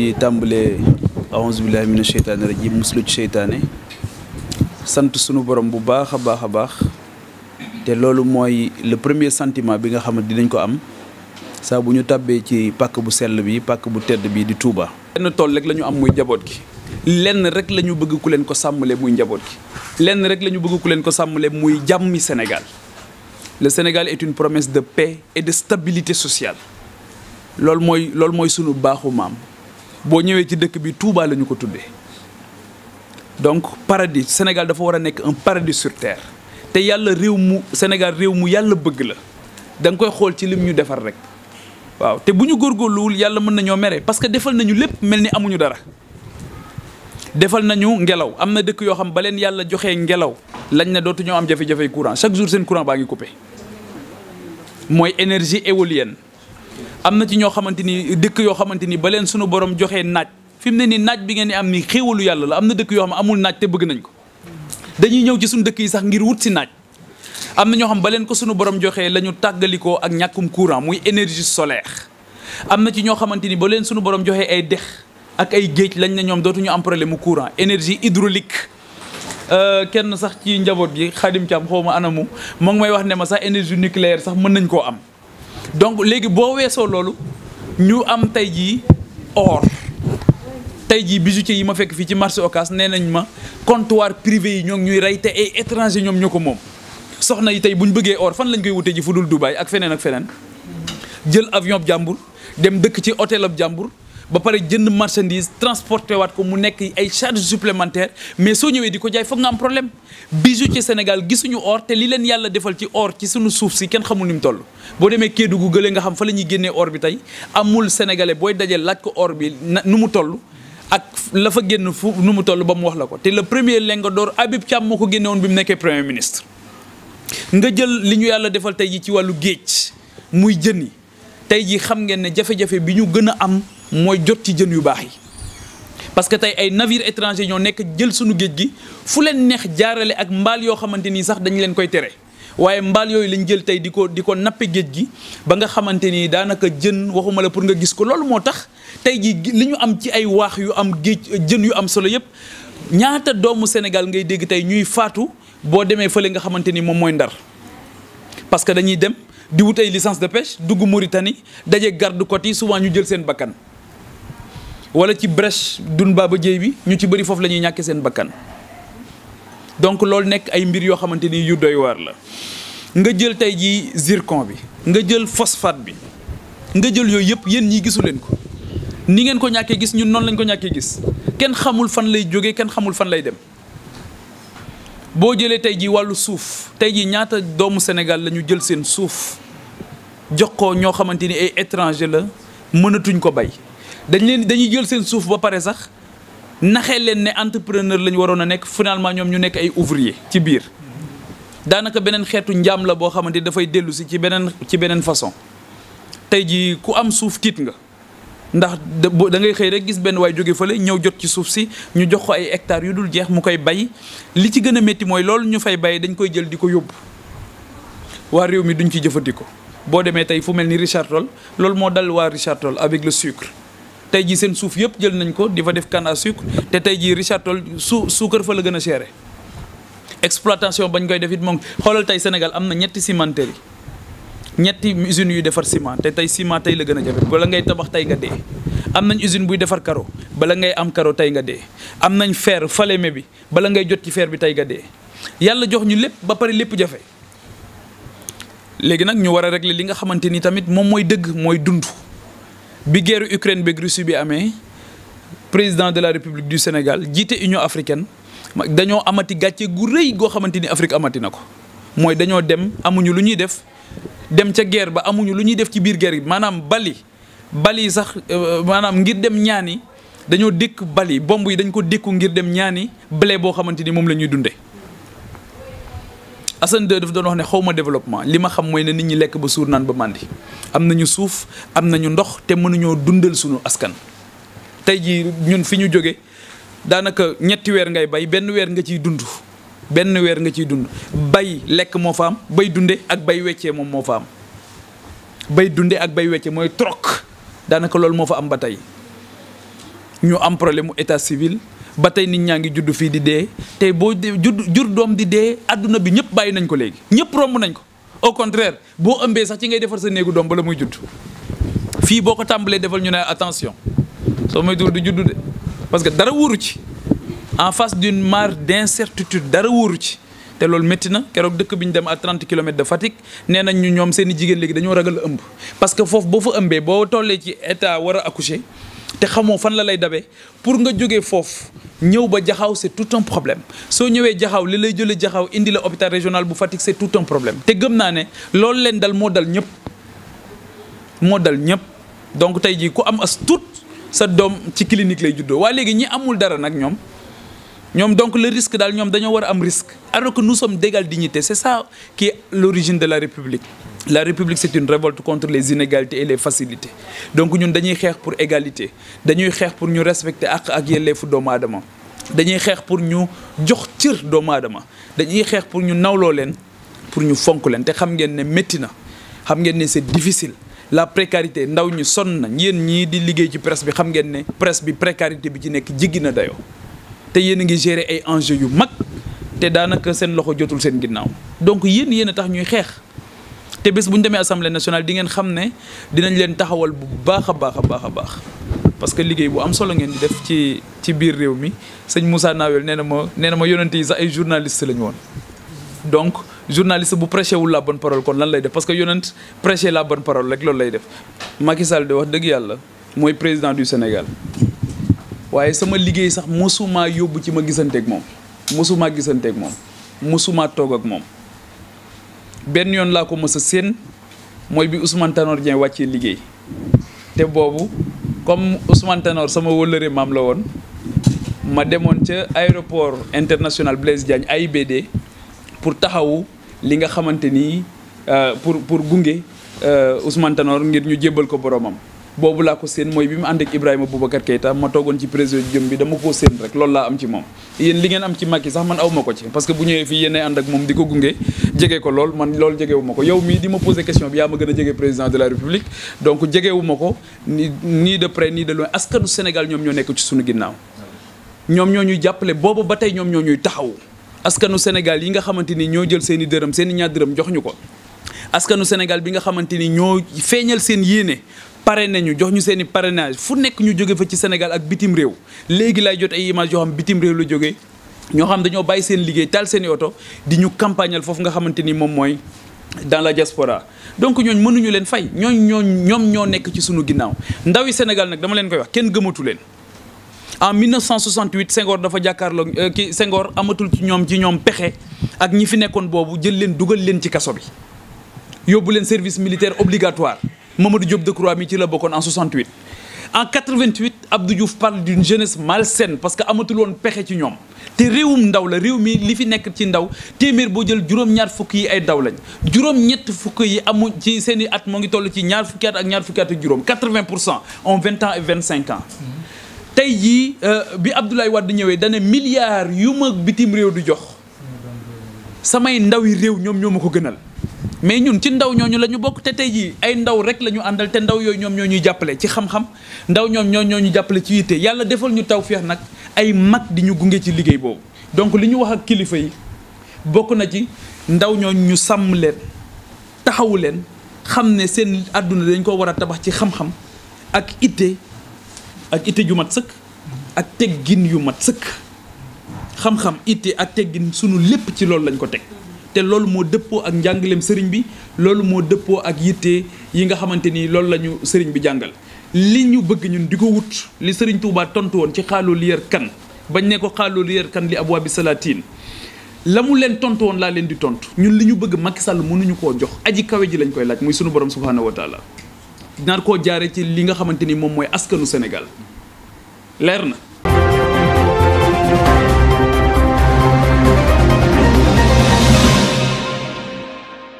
di tàmbalee aouzu billahi mina sheytaani rajim muslu ci seytaane sant sunu borom bu baax a baax a baax te loolu mooy le premier santiment bi nga xam ne dinañ ko am sax bu ñu tàbbee ci pàkk bu sell bi pàkk bu tedd bi di Touba. lenn tool rek la ñu am muy njaboot gi lenn rek la ñu bëgg ku leen ko sàmmale muy njaboot gi lenn rek la ñu bëgg ku leen ko sàmmale muy jàmmi Sénégal le Sénégal est une promesse de paix et de stabilité sociale loolu mooy loolu mooy sunu baaxu maam. boo ñëwee ci dëkk bi Touba la ñu ko tuddee donc paradis Sénégal dafa war a nekk un paradis sur terre te yàlla réew mu Sénégal réew mu yàlla bëgg la da koy xool ci lim ñu defar rek waaw te bu ñu góor góorgóorluwul yàlla mën nañoo mere parce que defal nañu lépp mel ni amuñu dara defal nañu ngelaw am na dëkk yoo xam ba leen yàlla joxe ngelaw lañ ne dootu ñoo am jafe-jafe courant chaque jour seen courant baa ngi coupé mooy énergie éolienne am na ci ñoo xamante ni dëkk yoo xamante ni ba leen sunu borom joxe naaj fi mu ne nii naaj bi ngeen di am ni xéewalu yàlla la am na dëkk yoo xam amul naaj te bëgg nañ ko dañuy ñëw ci suñu dëkk yi sax ngir wut si naaj am na ñoo xam ba leen ko sunu borom joxee la ñu tàggalikoo ak ñàkkum courant muy énergie solaire am na ci ñoo xamante ni ba leen sunu borom joxee ay dex ak ay géej lañ ne ñoom dootuñu am problème mu courant énergie hydraulique euh, kenn sax ci njaboot gi Xaadim Caam xaw ma anamu moo ngi may wax ne ma sax énergie nucléaire sax mën nañ koo am donc léegi boo weesoo loolu ñu am tey jii or tey jii bijoutier yi ma fekk fii ci marché ocas nee nañ ma comptoir privé yi ñoo ñuy rey te ay étranger ñoom ñoo ko moom soxna yi tey bu bëggee or fan lañ koy wute ji fu dul Dubaay ak feneen ak feneen jël avion ab jàmbur dem dëkk ci hôtel ab jàmbur ba pare jënd marchandise transporté waat ko mu nekk ay charges supplémentaires mais soo ñëwee di ko jaay foog nga am problème bijou ci Sénégal gisuñu or te li leen yàlla defal ci or ci suñu suuf si kenn xamul ni mu toll boo demee Kédougou gële nga xam fa la ñuy génnee bi tey amul sénégalais booy dajeel laaj ko or bi nu mu toll ak lafa génn fu nu mu toll ba mu wax la ko te le premier lenga door Habib Thiam moo ko génne woon bi mu nekkee premier ministre nga jël li ñu yàlla defal tey ji ci wàllu géej muy jën yi tey ji xam ngeen ne jafe-jafe bi ñu gën a am mooy jot ci jën yu baax yi parce que tey ay navire étranger ñoo nekk jël sunu géej gi fu leen neex jaarale ak mbaal yoo xamante ni sax dañu leen koy tere waaye mbaal yooyu lañ jël tey di ko di ko nappe géej gi ba nga xamante ni daanaka jën waxuma la pour nga gis ko loolu moo tax tey ji li ñu am ci ay waax yu am géej jën yu am solo yëpp ñaata doomu Sénégal ngay dégg tey ñuy faatu boo demee fële nga xamante ni moom mooy Ndar parce que dañuy dem di wut ay licence de pêche dugg Mauritanie daje garde côte yi souvent ñu jël seen bakkan wala ci brèche dun baaba jéy bi ñu ci bari foofu la ñuy ñàkkee seen bakkan donc loolu nekk ay mbir yoo xamante ni yu doy waar la nga jël tey jii zircon bi nga jël phosphate bi nga jël yooyu yëpp yéen ñii gisu leen ko ni ngeen ko ñàkkee gis ñun noonu lañ ko ñàkkee gis kenn xamul fan lay jógee kenn xamul fan lay dem boo jëlee tey jii wàllu suuf tey jii ñaata doomu Sénégal la ñu jël seen suuf jox ko ñoo xamante ni ay étranger la mënatuñ ko bay dañ leen dañuy jël seen suuf ba pare sax naxee leen ne entrepreneur lañ waroon a nekk finalement ñoom ñu nekk ay ouvrier ci biir daanaka beneen xeetu njaam la boo xamante dafay dellu si ci beneen ci beneen façon tey ji ku am suuf tiit nga ndax da ngay xëy rek gis benn waay jóge fële ñëw jot ci suuf si ñu jox ko ay hectares yu dul jeex mu koy bay li ci gën a métti mooy loolu ñu fay bay dañ koy jël di ko yóbbu waa réew mi duñ ci jëfandikoo boo demee tey fu mel ni Richard Toll loolu moo dal waa Richard Toll avec le tey jii seen suuf yëpp jël nañ ko di fa def canne à te tey jii Richard Toll su suukar fa la gën a seere exploitation bañ koy def it xoolal tey Sénégal am na ñetti cimenterie yi ñetti yuy defar ciment tey ciment tey la gën a jafe bala ngay tabax tey nga dee am nañ usine buy defar karo bala ngay am karo tey nga dee am nañ fer Falémé bi bala ngay jot ci fer bi tey nga dee yàlla jox ñu lépp ba pare lépp jafe léegi nag ñu war a li nga xamante ni tamit moom mooy dëgg mooy dund bi guerre Ukraine beeg Russie bi amee président de la République du Sénégal jiite Union africaine dañoo amati gàcce gu rëy goo xamante ni Afrique amati na ko mooy dañoo dem amuñu lu ñuy def dem ca guerre ba amuñu lu ñuy def ci biir guerre bi maanaam bali bali sax euh, maanaam ngir dem ñaani dañoo dëkk bali bomb yi dañ ko dékku ngir dem ñaani blé boo xamante ni moom la ñuy dundee. Assane 2 daf doon wax ne xaw ma développement li ma xam mooy ne nit ñi lekk ba suur naan ba màndi am nañu suuf am nañu ndox te mënuñoo dundal sunu askan tey jii ñun fi ñu jóge daanaka ñetti weer ngay bay benn weer nga ciy dund benn weer nga ciy dund bay lekk moo fa am bay dunde ak bay weccee moom moo fa am bay dunde ak bay weccee mooy troc daanaka loolu moo fa am ba tey ñu am problème mu état civil ba tey nit ñaa ngi judd fii di dee tey boo judd jur doom di dee adduna bi ñëpp bàyyi nañ ko léegi ñëpp romb nañ ko au contraire boo ëmbee sax ci ngay defar sa néegu doom bala muy judd fii boo ko tàmbalee defal ñu ne attention soo may du judd de parce que dara wóoru ci en face d'une mare d'incertitude dara wóoru ci te loolu metti na keroog dëkk bi ñu dem à 30 kilomètres de Fatick nee nañ ñu ñoom seen i jigéen léegi dañoo ragal ëmb parce que foofu boo fa ëmbee boo tollee ci état war a accoucher te xamoo fan la lay dabee pour nga jógee foofu ñëw ba jaxaw c'est tout un problème soo ñëwee jaxaw li lay jëlee jaxaw indi la hôpital régional bu Fatick c'est tout un problème te gëm naa ne loolu leen dal moo dal ñëpp moo dal ñëpp donc tey jii ku am as tout sa doom ci clinique lay juddoo waaye léegi ñi amul dara nag ñoom ñoom donc le risque daal ñoom dañoo war a am risque alors que dégal sommes d'égale dignité c'est ça qui est l'origine de la République la république c'est une révolte contre les inégalités et les facilités donc ñun dañuy xeex pour égalité dañuy xeex pour ñu respecter àq ak yelleefu doomu adama dañuy xeex pour ñu jox cër doomu aadama dañuy xeex pour ñu nawloo leen pour ñu fonk leen te xam ngeen ne métti na xam ngeen ne c'est difficile la précarité ndaw ñu sonn na yéen ñii di liggéey ci presse bi xam ngeen ne presse bi précarité bi ci nekk jiggi na dayo te yéen a ngi gérer ay enjeux yu mag te daanaka seen loxo jotul seen ginnaaw yéen yéen a tax ñuy xeex te bés bu ñu demee assemblée nationale di ngeen xam ne dinañ leen taxawal bu baax a baax a baax a baax parce que liggéey bu am solo ngeen di def ci ci biir réew mi sëñ Moussa Nawel nee na ma nee na ma yonente yi sax ay journaliste lañu woon donc journaliste bu prêché wul la bonne parole kon lan lay def parce que yonent prêché la bon parole rek loolu lay def Macky Sall de wax dëgg yàlla mooy président du Sénégal waaye sama liggéey sax mosumaa yóbbu ci ma gisanteeg moom mosumaa gisanteeg moom mosumaa toog ak moom benn yoon laa ko mës a séen mooy bi Ousmane Tanor Dieng wàccee liggéey te boobu comme Ousmane sama wëllëre maam la woon ma demoon ca aéroport international Blaise Diagne AIBD pour taxawu li nga xamante ni euh, pour pour gunge euh, Ousmane Tanor ngir ñu jébbal ko boromam. boobu laa ko seen mooy bi mu ànd ak Ibrahima Boubacar Keita ma toogoon ci président jëm bi dama koo seen rek loolu laa am ci moom yéen li ngeen am ci Macky sax man aw ma ko ci parce que bu ñëwee fii yéen ay ko gunge jege ko lool man loolu jegewu ma ko yow mii di ma posé question bi yaa ma gën a jege président de la république donc jegewu ma ko nii de près nii de loin askanu Sénégal ñoom ñoo nekk ci suñu ginnaaw ñoom ñoo ñuy jàppale booba ba tey ñoom ñoo ñuy taxaw askanu Sénégal yi nga xamante ni ñoo jël seen i dërëm seen i ñaar dërëm jox ñu ko askanu Sénégal bi nga xamante ni ñoo feeñal seen yéene parrainé ñu jox ñu seen i parrainage fu nekk ñu jóge fa ci Sénégal ak bitim réew léegi laay jot ay image yoo xam bitim réew la jóge ñoo xam dañoo bàyyi seen liggéey taal seen i oto di ñu campagnal foofu nga xamante ni moom mooy dans la diaspora donc ñooñ mënuñu leen fay ñooñ ñoo ñoom ñoo nekk ci sunu ginnaaw ndaw yi Sénégal nag dama leen koy wax kenn gëmatu leen en 1968 Senghor dafa jàkkaarloog euh, ki Senghor amatul ci ñoom ci ñoom pexe ak ñi fi nekkoon boobu jël leen dugal leen ci kaso bi yóbbu leen service militaire obligatoire Mamadou Diop Decroix mi ci la bokkoon en 68. en 88 Abdou Diouf parle d'une jeunesse malsaine parce que amatul woon pexe ci ñoom te réewum ndaw la réew mi li fi nekk ci ndaw téeméer boo jël juróom-ñaar fukk yi ay ndaw lañ juróom-ñett fukk yi amu ci seen i at moo ngi toll ci ñaar fukki at ak ñaar fukki at ak juróom 80 pour cent en 20 ans et 25 ans. tey jii euh, bi Abdoulaye Wade ñëwee dana milliards yu ma bitim réew di jox samay ndaw yi réew ñoom ñoo ma ko gënal. mais ñun ci ndaw ñooñu la ñu bokk te tey jii ay ndaw rek la ñu àndal te ndaw yooyu ñoom ñoo ñuy jàppale ci xam-xam ndaw ñoom ñoo ñoo ñu jàppale ci ite yàlla defal ñu taw tawféex nag ay mag di ñu gunge ci liggéey boobu donc li ñu wax ak kilifa yi bokk na ci ndaw ñooñu ñu sàmm leen taxawu leen xam ne seen àdduna dañ ko war a tabax ci xam-xam ak itte ak itte ju mat sëkk ak teggin yu mat sëkk xam-xam itte ak teggin sunu lépp ci loolu lañ ko teg te loolu moo dëppoo ak njàngaleem sëriñ bi loolu moo dëppoo ak yitte yi nga xamante ni loolu lañu ñu sëriñ bi jàngal li ñu bëgg ñun di ko wut li sëriñ Touba tontu woon ci xaaloo li yar kan bañ ne ko xaaloo li yar kan li ab waa bi salaatiin la mu leen tontu woon laa leen di tontu ñun li ñu bëgg Macky Sall mënuñu ko jox aji kawe ji lañ koy laaj muy sunu borom subhaanahu wa taala naar koo jaare ci li nga xamante ni moom mooy askanu senegal leer na